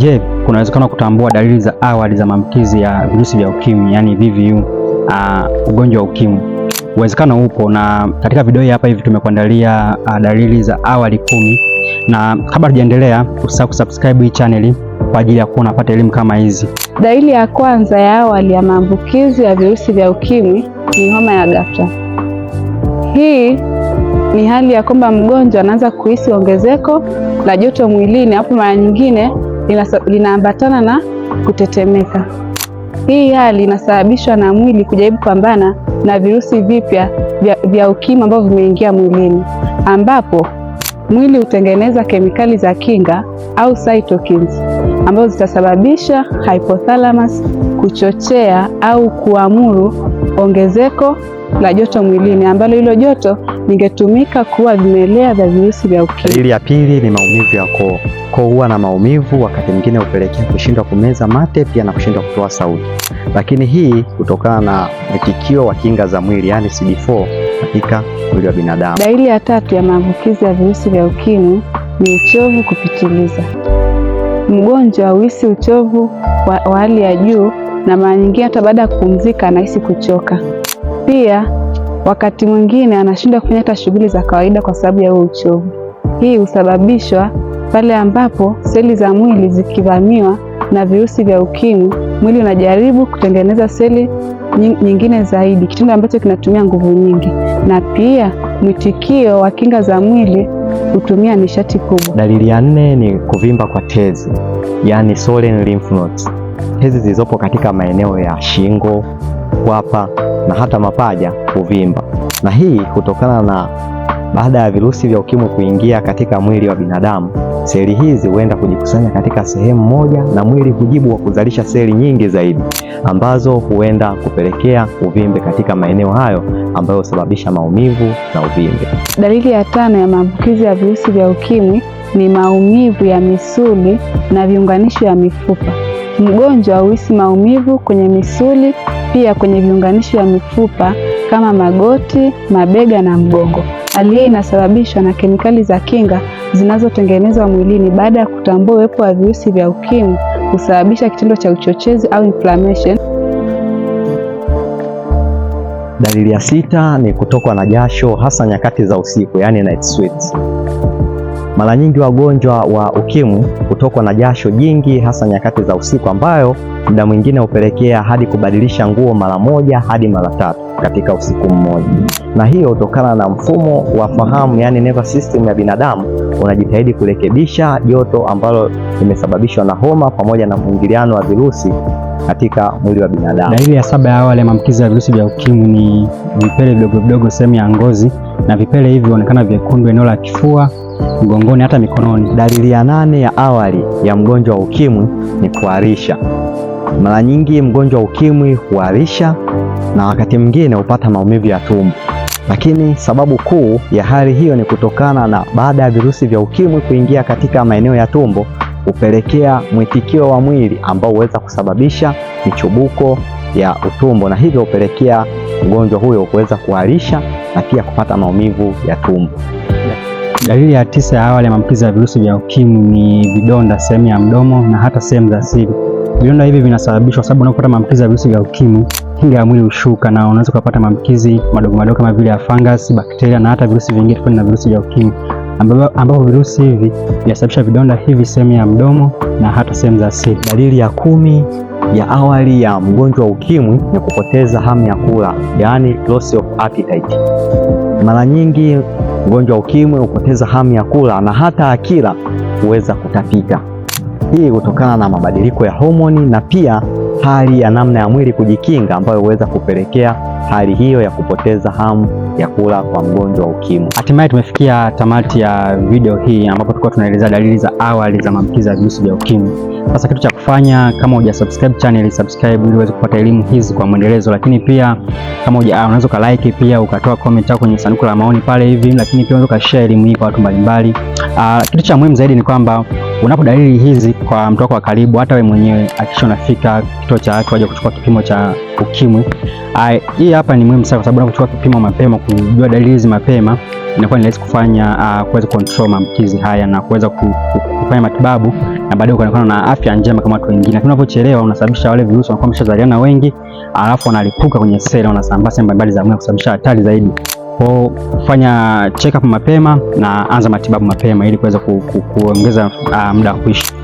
Je, kuna uwezekano kutambua dalili za awali za maambukizi ya virusi vya ukimwi yani VVU, uh, ah, ugonjwa wa ukimwi? Uwezekano upo, na katika video hii hapa hivi tumekuandalia uh, dalili za awali kumi, na kabla tujaendelea, usisahau kusubscribe hii chaneli kwa ajili ya kuwa unapata elimu kama hizi. Dalili ya kwanza ya awali ya maambukizi ya virusi vya ukimwi ni homa ya ghafla. Hii ni hali ya kwamba mgonjwa anaanza kuhisi ongezeko la joto mwilini, hapo mara nyingine linaambatana na kutetemeka. Hii hali inasababishwa na mwili kujaribu kupambana na virusi vipya vya, vya ukimwi ambavyo vimeingia mwilini, ambapo mwili hutengeneza kemikali za kinga au cytokines ambazo zitasababisha hypothalamus kuchochea au kuamuru ongezeko la joto mwilini ambalo hilo joto ningetumika kuwa vimelea vya virusi vya ukimwi. Dalili ya pili ni maumivu ya koo. Koo huwa na maumivu, wakati mwingine hupelekea kushindwa kumeza mate, pia na kushindwa kutoa sauti, lakini hii kutokana na mwitikio wa kinga za mwili, yaani CD4 katika mwili wa binadamu. Dalili ya tatu ya maambukizi ya virusi vya ukimwi ni uchovu kupitiliza. Mgonjwa huhisi uchovu wa hali ya juu na mara nyingine hata baada ya kupumzika anahisi kuchoka pia Wakati mwingine anashindwa kufanya hata shughuli za kawaida kwa sababu ya huo uchovu. Hii husababishwa pale ambapo seli za mwili zikivamiwa na virusi vya ukimwi, mwili unajaribu kutengeneza seli nyingine zaidi, kitendo ambacho kinatumia nguvu nyingi, na pia mwitikio wa kinga za mwili hutumia nishati kubwa. Dalili ya nne ni kuvimba kwa tezi, yani swollen lymph nodes, tezi zilizopo katika maeneo ya shingo, kwapa na hata mapaja kuvimba, na hii kutokana na baada ya virusi vya ukimwi kuingia katika mwili wa binadamu, seli hizi huenda kujikusanya katika sehemu moja na mwili hujibu wa kuzalisha seli nyingi zaidi ambazo huenda kupelekea uvimbe katika maeneo hayo ambayo husababisha maumivu na uvimbe. Dalili ya tano ya maambukizi ya virusi vya ukimwi ni maumivu ya misuli na viunganisho ya mifupa. Mgonjwa huhisi maumivu kwenye misuli, pia kwenye viunganishi vya mifupa kama magoti, mabega na mgongo. Hali hii inasababishwa na kemikali za kinga zinazotengenezwa mwilini baada ya kutambua uwepo wa virusi vya UKIMWI, kusababisha kitendo cha uchochezi au inflammation. Dalili ya sita ni kutokwa na jasho hasa nyakati za usiku, yani night sweats. Mara nyingi wagonjwa wa ukimwi hutokwa na jasho jingi, hasa nyakati za usiku, ambayo muda mwingine hupelekea hadi kubadilisha nguo mara moja hadi mara tatu katika usiku mmoja, na hiyo hutokana na mfumo wa fahamu, yani nervous system ya binadamu unajitahidi kurekebisha joto ambalo limesababishwa na homa pamoja na mwingiliano wa virusi katika mwili wa binadamu. Dalili ya saba ya awali ya maambukizi ya virusi vya ukimwi ni vipele vidogo vidogo sehemu ya ngozi na vipele hivi huonekana vyekundu eneo la kifua, mgongoni, hata mikononi. Dalili ya nane ya awali ya mgonjwa wa ukimwi ni kuharisha. Mara nyingi mgonjwa wa ukimwi huharisha na wakati mwingine hupata maumivu ya tumbo, lakini sababu kuu ya hali hiyo ni kutokana na baada ya virusi vya ukimwi kuingia katika maeneo ya tumbo hupelekea mwitikio wa mwili ambao huweza kusababisha michubuko ya utumbo na hivyo hupelekea mgonjwa huyo kuweza kuharisha na pia kupata maumivu ya tumbo. Dalili ya tisa ya awali ya maambukizi ya virusi vya ukimwi ni vidonda sehemu ya mdomo na hata sehemu za siri. Vidonda hivi vinasababishwa sababu unapopata maambukizi ya virusi vya ukimwi, kinga ya mwili hushuka na unaweza kupata maambukizi madogo madogo kama vile ya fungus, bakteria na hata virusi vingine tofauti na virusi vya ukimwi, ambapo virusi hivi vinasababisha vidonda hivi sehemu ya mdomo na hata sehemu za siri. Dalili ya kumi ya awali ya mgonjwa wa ukimwi ni kupoteza hamu ya kula, yaani loss of appetite. Mara nyingi mgonjwa wa ukimwi hupoteza hamu ya kula na hata akila huweza kutapika. Hii hutokana na mabadiliko ya homoni na pia hali ya namna ya mwili kujikinga ambayo huweza kupelekea hali hiyo ya kupoteza hamu ya kula kwa mgonjwa wa UKIMWI. Hatimaye tumefikia tamati ya video hii ambapo tulikuwa tunaelezea dalili za awali za maambukizi ya virusi vya UKIMWI. Sasa kitu cha kufanya, kama huja subscribe channel, subscribe ili uweze kupata elimu hizi kwa mwendelezo, lakini pia kama huja ah, unaweza ukalike pia ukatoa comment yako kwenye sanduku la maoni pale hivi, lakini pia unaweza ukashare elimu hii kwa watu mbalimbali. Ah, kitu cha muhimu zaidi ni kwamba Unapo dalili hizi kwa mtu wako wa karibu, hata wewe mwenyewe akisha unafika kituo cha afya waje kuchukua kipimo cha ukimwi, hii hapa ni muhimu sana, kwa sababu unapochukua kipimo mapema, kujua dalili hizi mapema, inakuwa ni rahisi kufanya uh, kuweza control maambukizi haya na kuweza kufanya matibabu na baadaye ukaonekana na afya njema kama watu wengine. Lakini unapochelewa unasababisha wale virusi wanakuwa wameshazaliana wengi, alafu wanalipuka kwenye seli, wanasambaa sehemu mbalimbali za mwili kusababisha hatari zaidi. Kwa fanya check up mapema na anza matibabu mapema ili kuweza kuongeza ku, ku, uh, muda wa kuishi.